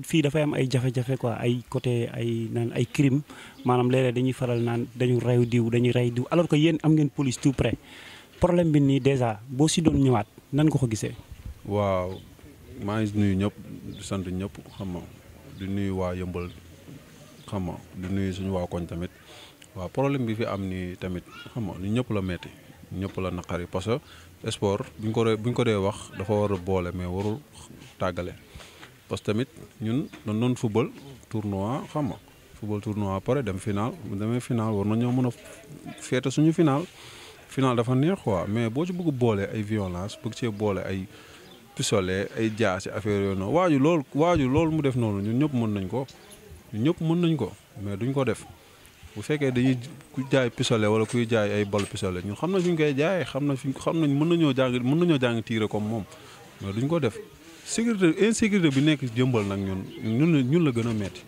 toujours fii dafay am ay jafe-jafe quoi ay côté ay naan ay crime maanaam léeg dañuy faral naan dañu reyu diw dañuy rey diw alors que yéen am ngeen police tout près problème bi nii dèjà boo si doon ñëwaat nan ko ko gisee. waaw maa ngi nuyu ñëpp sant ñëpp xam nga di nuyu waa yëmbal xam nga di nuyu suñu waa koñ tamit waaw problème bi fi am nii tamit xam nga ñëpp la metti ñëpp la naqari parce que sport buñ ko buñ ko dee wax dafa war a boole mais warul tàggale. parce que tamit ñun dañ doon football tournoi xam nga football tournoi pare dem final bu demee final war na ñoo mën a féete suñu final final dafa neex quoi mais boo ci bëgg boole ay violence bëgg cee boole ay pistolet ay jaasi affaire yooyu noonu waaju lool waaju loolu mu def noonu ñun ñëpp mën nañ ko ñun ñëpp mën nañ ko mais duñ ko def bu fekkee dañuy ku jaay pistolet wala kuy jaay ay bal pistolet ñun xam na fi ñu koy jaayee xam na fi xam nañ mën nañoo jàng mën nañoo jàng tiire comme moom mais duñ ko def sécurité insécurité bi nekk jëmbal nag ñun ñun la ñun la gën a metti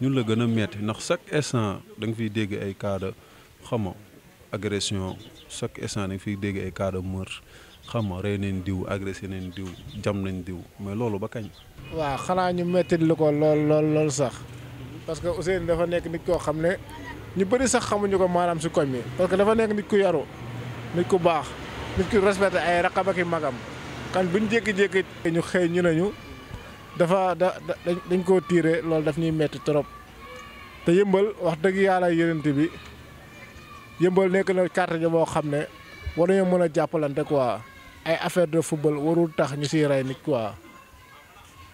ñun la gën a metti ndax chaque instant da nga fiy dégg ay kaada de xam nga agression chaque instant da nga fiy dégg ay cas de meurtre xam nga rey nañ diw agressé nañ diw jam nañ diw mais loolu ba kañ. waaw xanaa ñu mettit lu ko lool lool lool sax parce que Ousseynou dafa nekk nit koo xam ne ñu bëri sax xamuñu ko maanaam si koñ mi parce que dafa nekk nit ku yaru nit ku baax nit ku respecté ay raqaba ki magam. kan ñu jékki-jékki ñu xëy ñu nañu dafa da dañ koo tiire loolu daf ñuy metti trop te yëmbal wax dëgg yàlla yërënt bi yëmbal nekk na carte ja xam ne war nañoo mën a jàppalante quoi ay affaire de football warul tax ñu siy rey nit quoi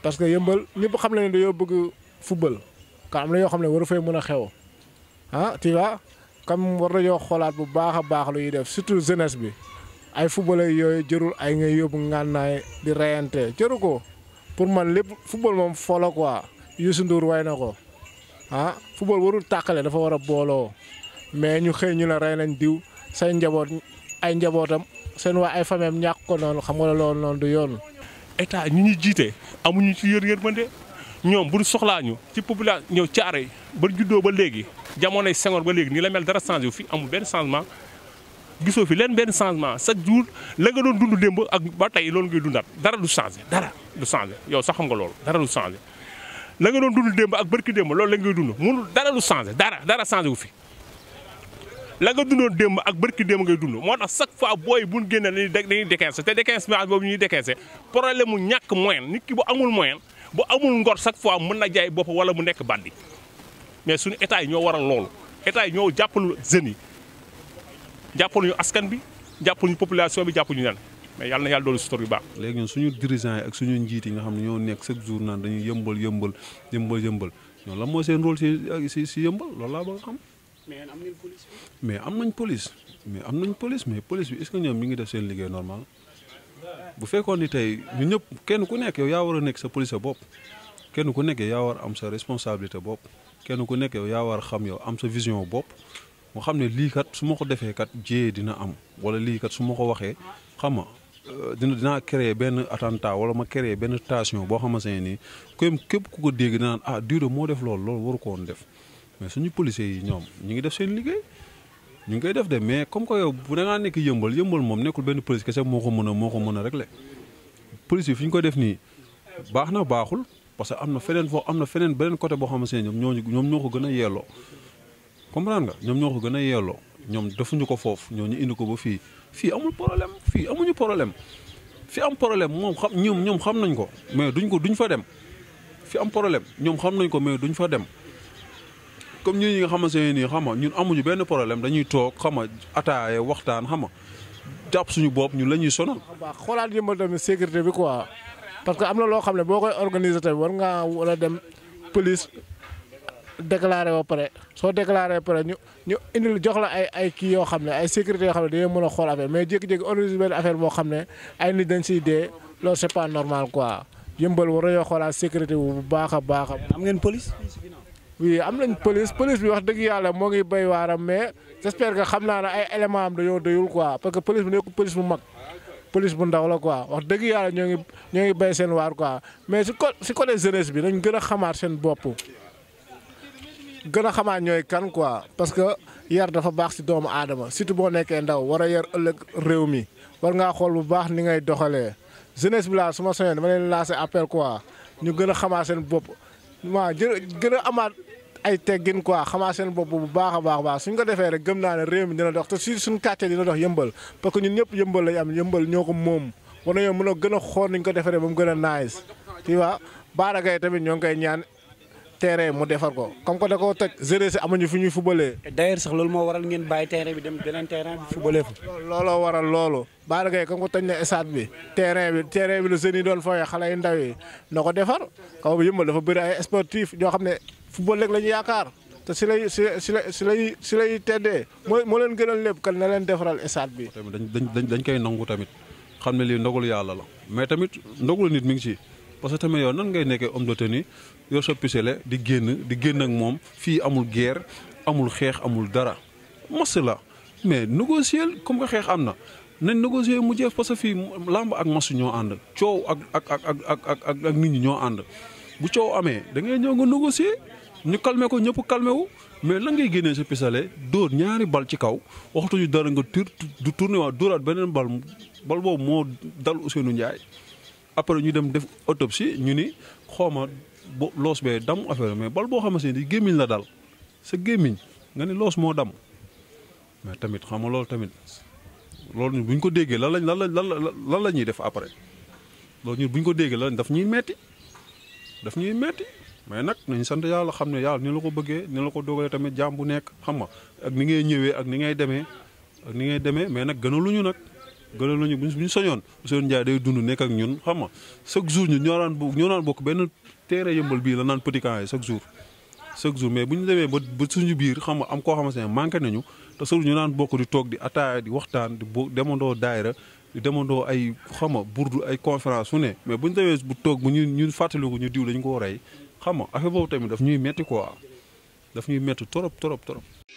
parce que yëmbal ñëpp xam nañ ne dañoo bëgg football kan am na yoo xam ne waru fay mën a xew ah tu vois comme war nañoo xoolaat bu baax a baax lu ñuy def surtout jeunesse bi ay footballeur yooyu jërul ay nga yóbbu ngànnaay di reyante jëru ko pour man lépp football moom foola quoi Youssou Ndour way na ko ah football warul tàqale dafa war a booloo mais ñu xëy ñu la rey nañ diw seen njaboot ay njabootam seen waa ay famem ñàkk ko noonu xam nga loolu noonu du yoonu état ñu ñu jiite amuñu ci yër yërmande ñoom bu ñu soxlaa ñu ci population ñëw caare ba juddoo ba léegi jamonoy Senghor ba léegi nii la mel dara changé wu fi amul benn changement. gisoo fi leen benn changement chaque jour la nga doon dund démb ak ba tey loolu ngay dundaat dara du changé dara du changé yow sax xam nga loolu dara du changé. la nga doon dund démb ak barki démb loolu la ngay dund mënul dara du changé dara dara changé wu fi. la nga dundoon démb ak barki démb ngay dund moo tax chaque fois booy bu ñu génne dañuy dañuy décaissé te décaissement boobu ñuy décaissé problème mu ñàkk moyen nit ki bu amul moyen bu amul ngor chaque fois mën na jaay bopp wala mu nekk bandi mais suñu état yi ñoo waral loolu état yi ñoo jàppal jàppalu ñu askan bi jàppal ñu population bi jàppal ñu nen mais yàlla na yàlla doolu sutur yu baax léegi ñun suñu dirigeant yi ak suñu njiit yi nga xam ne ñoo nekk chaque jour dañuy yëmbal yëmbal yëmbal yëmbal ñoom lan moo seen rôle si si si yëmbal loolu laa ba xam mais am nañ police mais am nañ police mais police bi est-ce que ngi def seen liggéey bu fekkoon ni tey ñun ñëpp kenn ku nekk yow yaa war a nekk sa police bopp kenn ku nekk yow yaa war am sa responsabilité bopp kenn ku nekk yaa war a xam yow am sa vision bopp mu xam ne lii kat su ma ko defee kat jiyee dina am wala lii kat su ma ko waxee xam nga euh, dina dinaa créer benn attentat wala ma créer benn tension boo xamante ne nii comme képp ku ko dégg dinaan ah diw de moo def loolu loolu waru ko woon def mais suñu policiers yi ñoom ñu ngi def seen liggéey ñu ngi def de mais comme que yow bu da ngaa nekk yëmbal yëmbal moom nekkul benn police kese moo ko mën a moo ko mën a régler police yi fi ñu ko def nii baax na baaxul parce que am na feneen foo am na feneen beneen côté boo xamante ne ñoom ñoo ñoom ñoo ko gën a yelloo comprendre nga ñoom ñoo ko gën a yelloo ñoom defuñu ko foofu ñoo ñu indi ko ba fii fii amul problème fii amuñu problème fii am problème moom xam ñoom ñoom xam nañ ko mais duñ ko duñ fa dem fii am problème ñoom xam nañ ko mais duñ fa dem comme ñun ñi nga xamante ne nii xam ñun amuñu benn problème dañuy toog xam nga ataaye waxtaan xam nga jàpp suñu bopp ñu la ñuy sonal. waaw ah xoolaat yëmbal tamit sécurité bi quoi parce que am na loo xam ne boo koy organiser bi war ngaa war a dem police déclaré ba pare soo déclaré ba pare ñu ñu indil jox la ay kii yoo xam ne ay sécurité yoo xam ne dañoo mën a xool mais jékki-jékki organise benn affaire boo xam ne ay nit dañ siy dee loolu c'est pas normal quoi yëmbal war nañoo xoolaat sécurité bu baax a baax a. am ngeen police. oui am nañ police police bi wax dëgg yàlla moo ngi bay waaram mais j'espère que xam naa ne ay éléments am dañoo doyul quoi parce police bi nekkul police bu mag. police bu ndaw la quoi wax dëgg yàlla ñoo ngi ñoo ngi béy seen waar quoi mais si côté si côté jeunesse bi dañ gën a xamaat seen bopp. gën a xamaat ñooy kan quoi parce que yar dafa baax si doomu aadama surtout boo nekkee ndaw war a yar ëllëg réew mi war ngaa xool bu baax ni ngay doxalee jeunesse bi laa su ma soñoon dama leen lancé appel quoi ñu gën a xamaat seen bopp waaw jë gën a amaat ay teggin quoi xamaa seen bopp bu baax a baax baax suñ ko defee rek gëm naa ne réew mi dina dox te si suñ quartier dina dox yëmbal parce que ñun ñëpp yëmbal lañ am yëmbal ñoo ko moom war nañoo mën a gën xool niñ ko defee ba gën a nice tu vois baara gay tamit ñoo ngi koy ñaan terrain mu defar ko comme que da koo toj jeunesse amuñu fu ñuy fubalee. d'ailleurs sax loolu moo waral ngeen bàyyi terrain bi dem beneen terrain bi fubalee fa. looloo waral loolu. Balla Gaye comme que toj na stade bi terrain bi terrain bi la jeunes yi doon fooyee xale yu ko defar kaw bi yëmbal dafa bëri ay xam ne football rek la ñu yaakaar te si lay si si la si lay si lay moo leen gënal lépp kan na leen defaral stade bi. dañ dañ dañ koy nangu tamit xam ne lii ndogalu yàlla la mais tamit ndogalu nit mi ngi ci. parce que tamit yow nan ngay nekkee homme ni tenue yor sa pistolet di génn di génn ak moom fii amul guerre amul xeex amul dara mas la mais négocier comme que xeex am na nañ négocier mu jeex parce que fii làmb ak masu ñoo ànd coow ak ak ak ak ak ak nit ñi ñoo ànd bu coow amee da ngay ñëw nga négocier ñu calmer ko ñëpp calmer wu mais lan ngay génnee sa pistolet dóor ñaari bal ci kaw waxatuñu dara nga tur du tourné waat dóoraat beneen bal bal boobu moo dal Ousseynou Ndiaye. après ñu dem def autopsie ñu ni xooma bo loos bee dam affaire mais bal boo xamante ni gémmiñ la daal sa gémmiñ nga ni loos moo dam mais tamit xam nga loolu tamit loolu bu ñu ko déggee lan lañ lan lañ lan la ñuy def après loolu ñun bu ñu ko déggee lan daf ñuy metti daf ñuy metti mais nag nañu sant yàlla xam ne yàlla ni la ko bëggee ni la ko dogalee tamit jaam bu nekk xam nga ak ni ngay ñëwee ak ni ngay demee ak ni ngay demee mais nag gënaluñu nag. gënal nañu bu ñu soñoon Ousseynou Ndiaye day dund nekk ak ñun xam nga chaque jour ñun ñoo daan bokk benn teere yëmbal bii la naan petit camp yi chaque jour. chaque jour mais bu ñu demee ba ba suñu biir xam nga am koo xamante ne manqué nañu te chaque ñu daan bokk di toog di ataaya di waxtaan di bo demandoo daayira di demandoo ay xam nga burdu ay conférence su ne. mais bu ñu demee bu toog bu ñu ñun fàttaliku ñu diw lañu ko rey xam nga affaire boobu tamit daf ñuy metti quoi daf ñuy metti trop trop trop.